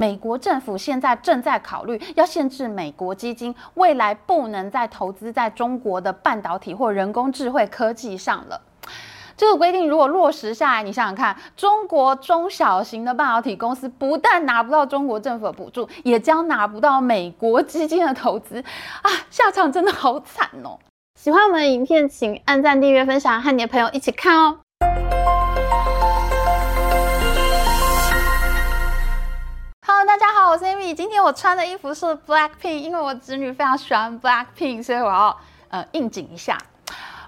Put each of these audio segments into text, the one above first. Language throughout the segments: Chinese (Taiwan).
美國政府現在正在考慮要限制美國基金未來不能再投資在中國的半導體或人工智慧科技上了。這個規定如果落實下來，你想想看，中國中小型的半導體公司不但拿不到中國政府的補助，也將拿不到美國基金的投資啊，下場真的好慘哦！喜歡我們的影片，請按贊、訂閱、分享，和你的朋友一起看哦！大家好，我是 Emmy。今天我穿的衣服是 Black Pink，因為我侄女非常喜歡 Black Pink，所以我要呃應景一下。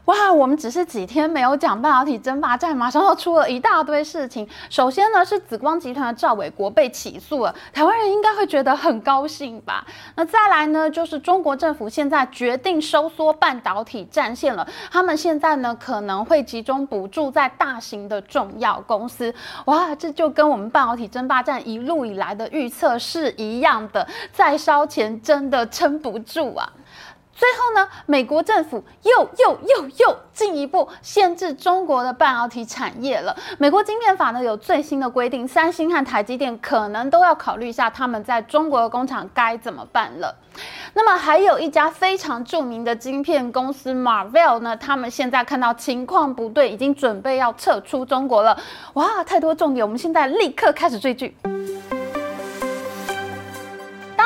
哇，我們只是幾天沒有講半導體爭霸戰，馬上又出了一大堆事情。首先呢，是紫光集團的趙偉國被起訴了，台灣人應該會覺得很高興吧？那再來呢，就是中國政府現在決定收縮半導體戰線了，他們現在呢可能會集中補助在大型的重要公司。哇，這就跟我們半導體爭霸戰一路以來的預測是一樣的，再燒錢真的撐不住啊！最後呢，美國政府又又又又進一步限制中國的半導體產業了。美國晶片法呢，有最新的規定，三星和台積電可能都要考慮一下他們在中國的工廠該怎麼辦了。那麼還有一家非常著名的晶片公司 Marvell 呢，他們現在看到情況不對，已經準備要撤出中國了。哇，太多重點，我們現在立刻開始追劇。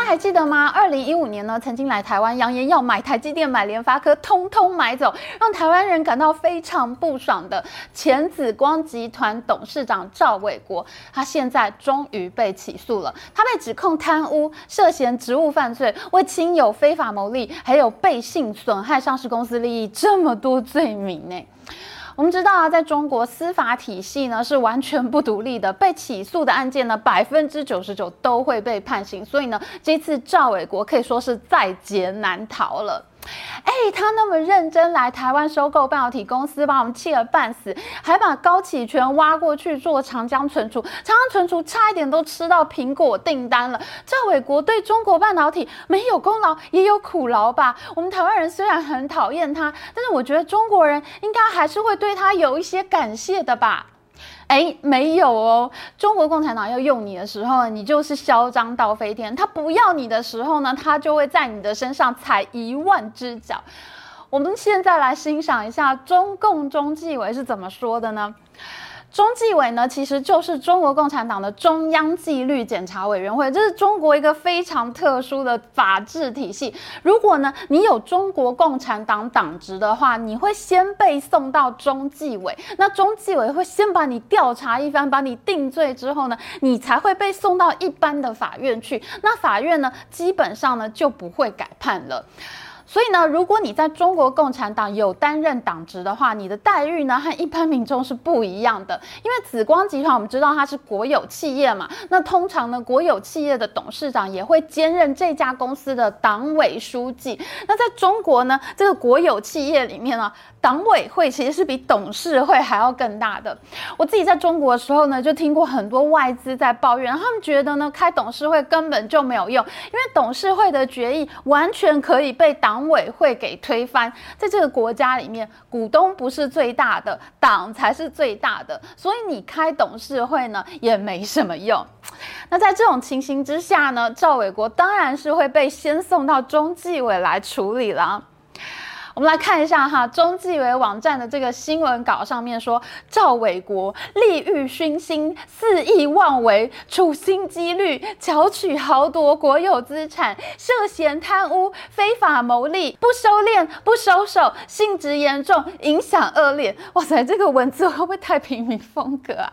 大家還記得嗎？二零一五年呢，曾經來台灣揚言要買台積電、買聯發科，通通買走，讓台灣人感到非常不爽的前紫光集團董事長趙偉國，他現在終於被起訴了。他被指控貪污，涉嫌職務犯罪，為親友非法牟利，還有背信損害上市公司利益，這麼多罪名呢、欸。我們知道啊，在中國司法體系呢，是完全不獨立的，被起訴的案件呢，百分之九十九都會被判刑，所以呢，這次趙偉國可以說是在劫難逃了。哎、欸，他那麼認真來台灣收購半導體公司，把我們氣了半死，還把高啟全挖過去做長江存儲，長江存儲差一點都吃到蘋果訂單了。趙偉國對中國半導體沒有功勞也有苦勞吧？我們台灣人雖然很討厭他，但是我覺得中國人應該還是會對他有一些感謝的吧。哎，沒有哦。中國共產黨要用你的時候，你就是囂張到飛天；他不要你的時候呢，他就會在你的身上踩一萬隻腳。我們現在來欣賞一下中共中紀委是怎麼說的呢？中紀委呢，其實就是中國共產黨的中央紀律檢查委員會，這是中國一個非常特殊的法治體系。如果呢，你有中國共產黨黨職的話，你會先被送到中紀委，那中紀委會先把你調查一番，把你定罪之後呢，你才會被送到一般的法院去。那法院呢，基本上呢，就不會改判了。所以呢，如果你在中國共產黨有擔任黨職的話，你的待遇呢和一般民眾是不一樣的。因為紫光集團我們知道它是國有企業嘛，那通常呢，國有企業的董事長也會兼任這家公司的黨委書記。那在中國呢，這個國有企業裡面呢，啊，黨委會其實是比董事會還要更大的。我自己在中國的時候呢，就聽過很多外資在抱怨，他們覺得呢開董事會根本就沒有用，因為董事會的決議完全可以被黨常委會給推翻，在這個國家裡面，股東不是最大的，黨才是最大的，所以你開董事會呢也沒什麼用。那在這種情形之下呢，趙偉國當然是會被先送到中紀委來處理了。我們來看一下哈，中紀委網站的這個新聞稿上面說，趙偉國利欲熏心、肆意妄為、處心積慮、巧取豪奪國有資產，涉嫌貪污、非法牟利，不收斂、不收手，性質嚴重，影響惡劣。哇塞，這個文字會不會太平民風格啊？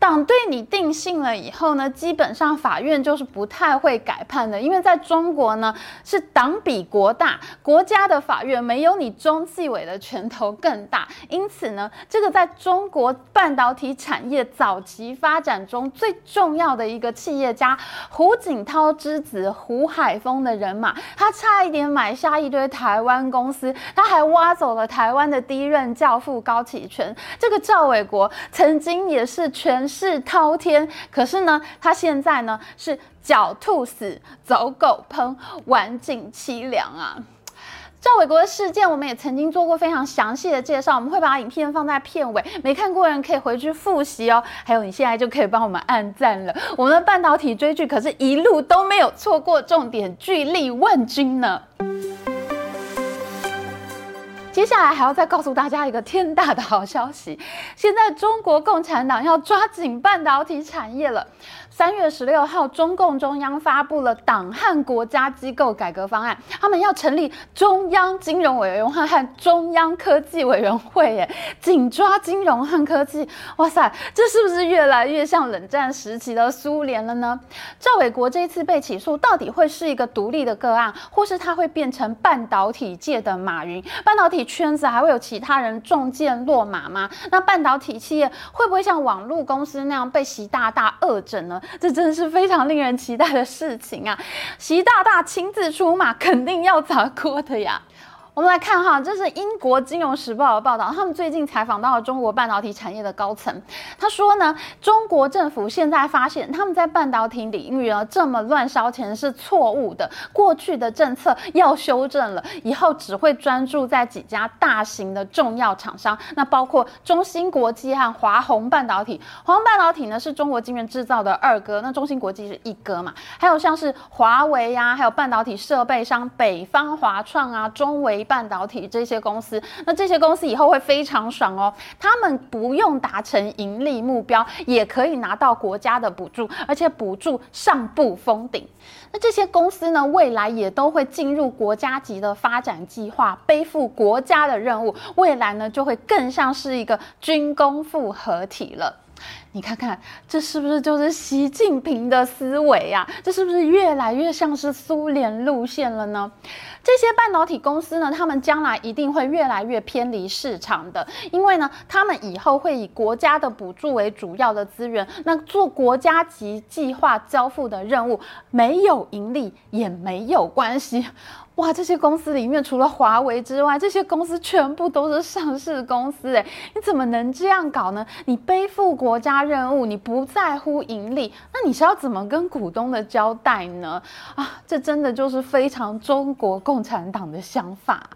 黨對你定性了以後呢，基本上法院就是不太會改判的，因為在中國呢是黨比國大，國家的法院沒有你中紀委的拳頭更大，因此呢，這個在中國半導體產業早期發展中最重要的一個企業家胡錦濤之子胡海峰的人馬，他差一點買下一堆台灣公司，他還挖走了台灣的第一任教父高啟全，這個趙偉國曾經也是全勢滔天，可是呢，他現在呢是狡兔死，走狗烹，晚景淒涼啊。趙偉國的事件，我們也曾經做過非常詳細的介紹，我們會把影片放在片尾，沒看過人可以回去復習哦。還有，你現在就可以幫我們按讚了，我們的半導體追劇可是一路都沒有錯過重點劇力萬鈞呢。接下來還要再告訴大家一個天大的好消息，現在中國共產黨要抓緊半導體產業了。三月十六號，中共中央發布了黨和國家機構改革方案，他們要成立中央金融委員會和中央科技委員會，耶，緊抓金融和科技。哇塞，這是不是越來越像冷戰時期的蘇聯了呢？趙偉國這一次被起訴，到底會是一個獨立的個案，或是他會變成半導體界的馬雲？半導體圈子還會有其他人中箭落馬嗎？那半導體企業會不會像網絡公司那樣被習大大惡整呢？這真的是非常令人期待的事情啊！習大大親自出馬，肯定要砸鍋的呀！我們來看哈，這是英國《金融時報》的報道，他們最近採訪到了中國半導體產業的高層。他說呢，中國政府現在發現他們在半導體領域啊這麼亂燒錢是錯誤的，過去的政策要修正了，以後只會專注在幾家大型的重要廠商，那包括中芯國際和華虹半導體。華虹半導體呢是中國晶圓制造的二哥，那中芯國際是一哥嘛？還有像是華為呀、啊，還有半導體設備商北方華創啊，中微。半導體這些公司，那這些公司以後會非常爽哦。他們不用達成盈利目標，也可以拿到國家的補助，而且補助上不封頂。那這些公司呢，未來也都會進入國家級的發展計劃，背負國家的任務。未來呢，就會更像是一個軍工複合體了。你看看，這是不是就是習近平的思維呀？這是不是越來越像是蘇聯路線了呢？這些半導體公司呢，他們將來一定會越來越偏離市場的，因為呢，他們以後會以國家的補助為主要的資源，那做國家級計劃交付的任務，沒有盈利也沒有關係。哇，這些公司裡面除了華為之外，這些公司全部都是上市公司。誒，你怎麼能這樣搞呢？你背負國家任務，你不在乎盈利，那你是要怎麼跟股東的交代呢？啊，這真的就是非常中國共產黨的想法。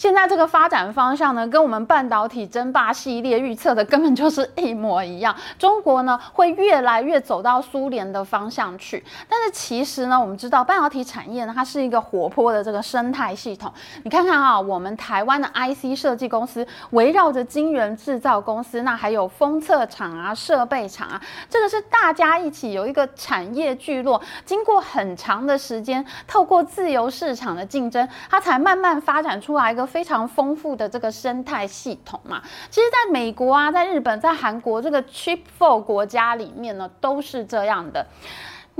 現在這個發展方向呢，跟我們半導體爭霸系列預測的根本就是一模一樣。中國呢會越來越走到蘇聯的方向去，但是其實呢，我們知道半導體產業呢，它是一個活潑的這個生態系統。你看看啊，我們臺灣的 IC 設計公司圍繞着晶圓製造公司，那還有封測廠啊、設備廠啊，這個是大家一起有一個產業聚落，經過很長的時間，透過自由市場的競爭，它才慢慢發展出來一個。非常豐富的這個生態系統嘛，其實在美國啊，在日本，在韓國這個 Chip 4國家裡面呢，都是這樣的。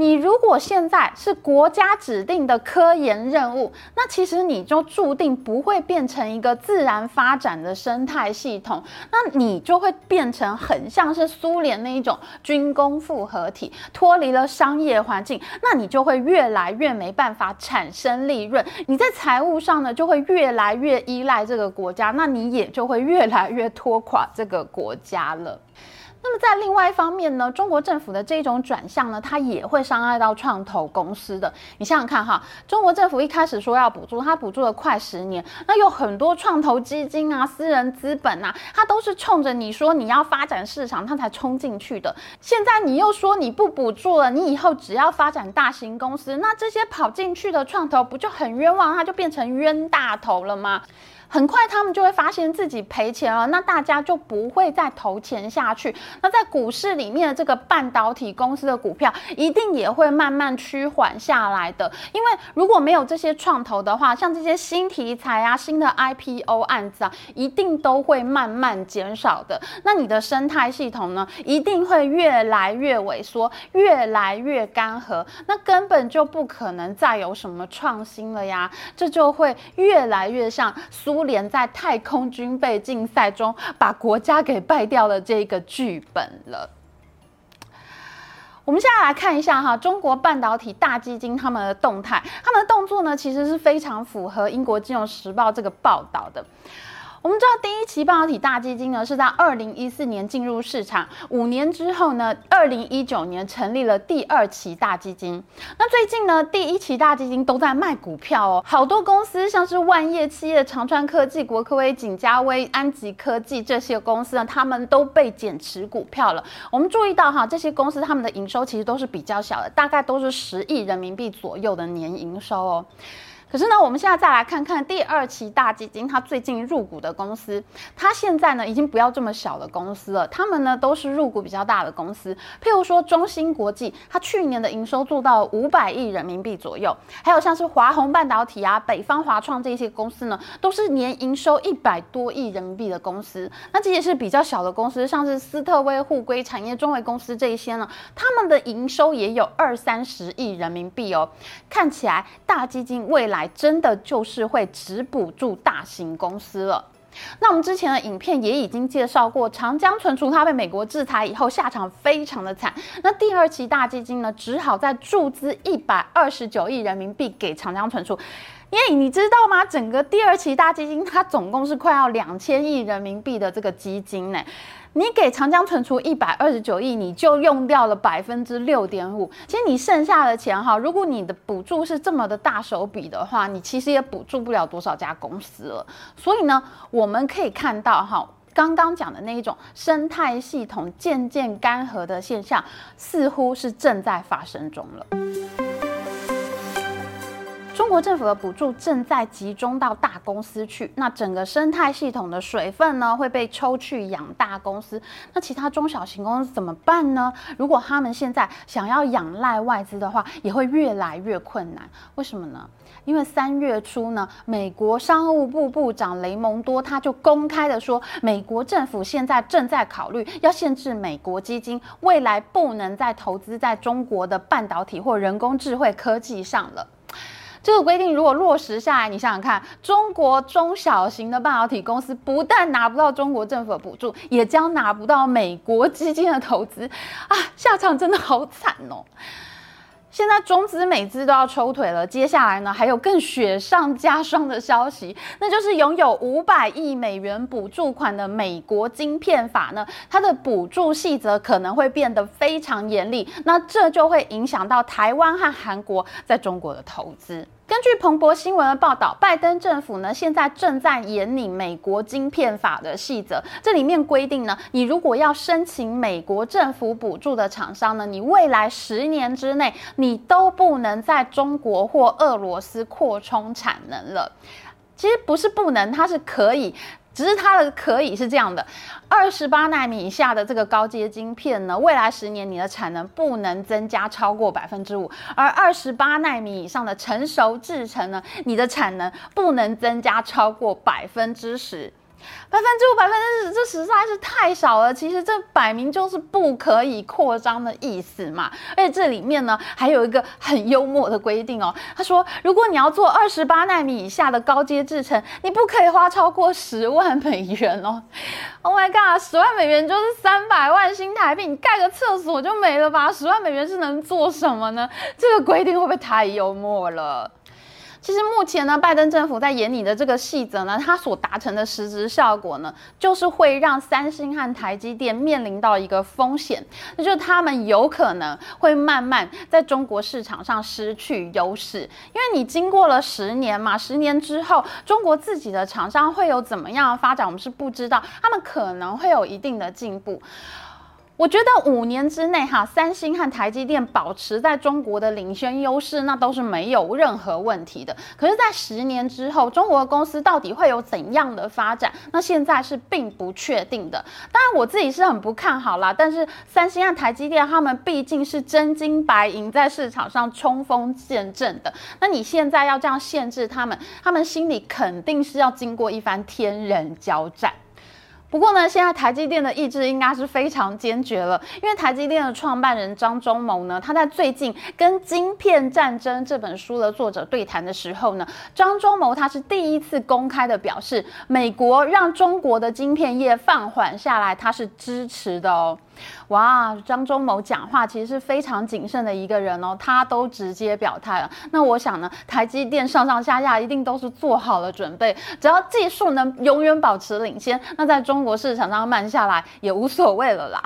你如果現在是國家指定的科研任務，那其實你就注定不會變成一個自然發展的生態系統，那你就會變成很像是蘇聯那一種軍工複合體，脫離了商業環境，那你就會越來越沒辦法產生利潤，你在財務上呢，就會越來越依賴這個國家，那你也就會越來越拖垮這個國家了。那麼在另外一方面呢，中國政府的這種轉向呢，它也會傷害到創投公司的。你想想看哈，中國政府一開始說要補助，它補助了快十年，那有很多創投基金啊、私人資本啊，它都是衝着你說你要發展市場，它才衝進去的。現在你又說你不補助了，你以後只要發展大型公司，那這些跑進去的創投不就很冤枉，它就變成冤大頭了嗎？很快他們就會發現自己賠錢了，那大家就不會再投錢下去。那在股市裡面的這個半導體公司的股票，一定也會慢慢趨緩下來的。因為如果沒有這些創投的話，像這些新題材啊、新的 IPO 案子啊，一定都會慢慢減少的。那你的生態系統呢，一定會越來越萎縮，越來越乾涸。那根本就不可能再有什麼創新了呀。這就會越來越像蘇聯在太空軍備競賽中把國家給敗掉了，這個劇本了。我們現在來看一下哈，中國半導體大基金他們的動態，他們的動作呢，其實是非常符合《英國金融時報》這個報道的。我們知道第一期半導體大基金呢是在二零一四年進入市場，五年之後呢，二零一九年成立了第二期大基金。那最近呢，第一期大基金都在賣股票哦，好多公司像是萬業企業、長川科技、國科微、景嘉微、安集科技這些公司呢，他們都被減持股票了。我們注意到哈，這些公司他們的營收其實都是比較小的，大概都是十億人民幣左右的年營收哦。可是呢，我們現在再來看看第二期大基金它最近入股的公司，它現在呢已經不要這麼小的公司了，他們呢都是入股比較大的公司，譬如說中芯國際，它去年的營收做到五百億人民幣左右，還有像是華虹半導體啊、北方華創這些公司呢，都是年營收一百多億人民幣的公司。那這些是比較小的公司，像是斯特威、滬矽產業、中微公司這一些呢，他們的營收也有二三十億人民幣哦。看起來大基金未來，還真的就是會只補助大型公司了。那我們之前的影片也已經介紹過，長江存儲它被美國制裁以後下場非常的慘。那第二期大基金呢，只好再注資一百二十九億人民幣給長江存儲。哎、yeah，你知道嗎？整個第二期大基金它總共是快要兩千億人民幣的這個基金呢。你給長江存儲一百二十九億，你就用掉了百分之六點五。其實你剩下的錢哈，如果你的補助是這麼的大手筆的話，你其實也補助不了多少家公司了。所以呢，我們可以看到哈，剛剛講的那一種生態系統漸漸干涸的現象，似乎是正在發生中了。中國政府的補助正在集中到大公司去，那整個生態系統的水分呢，會被抽去養大公司，那其他中小型公司怎麼辦呢？如果他們現在想要仰賴外資的話，也會越來越困難。為什麼呢？因為三月初呢，美國商務部部長雷蒙多他就公開的說，美國政府現在正在考慮要限制美國基金，未來不能再投資在中國的半導體或人工智慧科技上了。這個規定如果落實下來，你想想看，中國中小型的半導體公司不但拿不到中國政府的補助，也將拿不到美國基金的投資，啊，下場真的好慘哦。現在中資美資都要抽腿了，接下來呢還有更雪上加霜的消息，那就是擁有五百億美元補助款的美國晶片法呢，它的補助細則可能會變得非常嚴厲，那這就會影響到台灣和韓國在中國的投資。根據彭博新聞的報道，拜登政府呢現在正在研擬美國晶片法的細則。這裡面規定呢，你如果要申請美國政府補助的廠商呢，你未來十年之內你都不能在中國或俄羅斯擴充產能了。其實不是不能，它是可以。只是它的可以是這樣的：二十八奈米以下的這個高階晶片呢，未來十年你的產能不能增加超過百分之五；而二十八奈米以上的成熟製程呢，你的產能不能增加超過百分之十。百分之五、百分之十，這實在是太少了。其實這擺明就是不可以擴張的意思嘛。而且這裡面呢，還有一個很幽默的規定哦。他說，如果你要做二十八納米以下的高階製程，你不可以花超過十萬美元哦。Oh my god，十萬美元就是三百萬新台幣，你蓋個廁所就沒了吧？十萬美元是能做什麼呢？這個規定會不會太幽默了？其實目前呢，拜登政府在演你的這個細則呢，它所達成的實質效果呢，就是會讓三星和台積電面臨到一個風險，那就是他們有可能會慢慢在中國市場上失去優勢。因為你經過了十年嘛，十年之後，中國自己的廠商會有怎麼樣的發展，我們是不知道，他們可能會有一定的進步。我覺得五年之內，哈，三星和台積電保持在中國的領先優勢，那都是沒有任何問題的。可是，在十年之後，中國的公司到底會有怎樣的發展？那現在是並不確定的。當然，我自己是很不看好啦。但是，三星和台積電他們畢竟是真金白銀在市場上衝鋒陷陣的，那你現在要這樣限制他們，他們心裡肯定是要經過一番天人交戰。不過呢，現在台積電的意志應該是非常堅決了，因為台積電的創辦人張忠謀呢，他在最近跟《晶片戰爭》這本書的作者對談的時候呢，張忠謀他是第一次公開的表示，美國讓中國的晶片業放緩下來，他是支持的哦。哇，張忠謀講話其實是非常謹慎的一個人哦，他都直接表態了。那我想呢，台積電上上下下一定都是做好了準備，只要技術能永遠保持領先，那在中國市場上慢下來也無所謂了啦。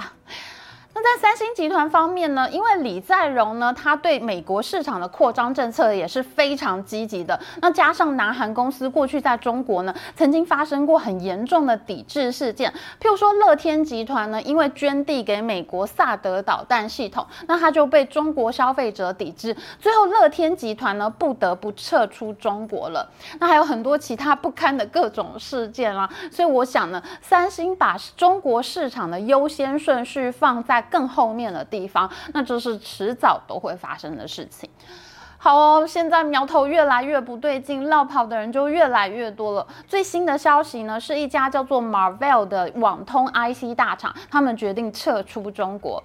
在三星集團方面呢，因為李在鎔呢，他對美國市場的擴張政策也是非常積極的。那加上南韓公司過去在中國呢，曾經發生過很嚴重的抵制事件，譬如說樂天集團呢，因為捐地給美國薩德導彈系統，那他就被中國消費者抵制，最後樂天集團呢不得不撤出中國了。那還有很多其他不堪的各種事件啦，所以我想呢，三星把中國市場的優先順序放在更後面的地方，那就是遲早都會發生的事情。好哦，現在苗頭越來越不對勁，落跑的人就越來越多了。最新的消息呢，是一家叫做 Marvell 的網通 IC 大廠，他們決定撤出中國。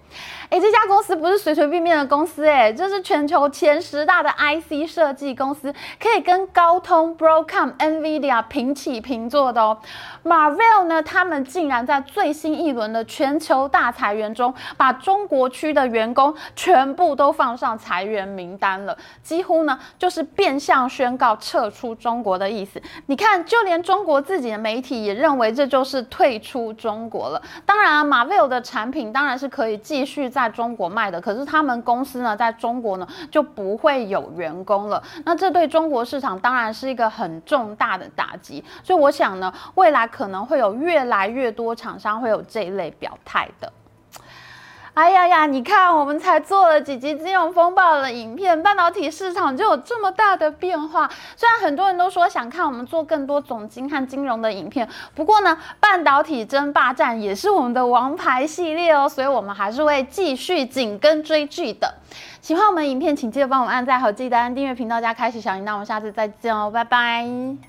誒，這家公司不是隨隨便便的公司，誒，這是全球前十大的 IC 設計公司，可以跟高通、Broadcom、Nvidia 平起平坐的哦。Marvell 呢，他們竟然在最新一輪的全球大裁員中，把中國區的員工全部都放上裁員名單了。幾乎呢，就是變相宣告撤出中國的意思。你看，就連中國自己的媒體也認為這就是退出中國了。當然啊，Marvell 的產品當然是可以繼續在中國賣的，可是他們公司呢，在中國呢就不會有員工了。那這對中國市場當然是一個很重大的打擊。所以我想呢，未來可能會有越來越多廠商會有這一類表態的。哎呀呀！你看，我們才做了幾集《金融風暴》的影片，半導體市場就有這麼大的變化。雖然很多人都說想看我們做更多總經和金融的影片，不過呢，半導體爭霸戰也是我們的王牌系列哦，所以我們還是會繼續緊跟追劇的。喜歡我們影片，請記得幫我們按讚和記得按訂閱頻道加開啟小鈴鐺。那我們下次再見哦，拜拜。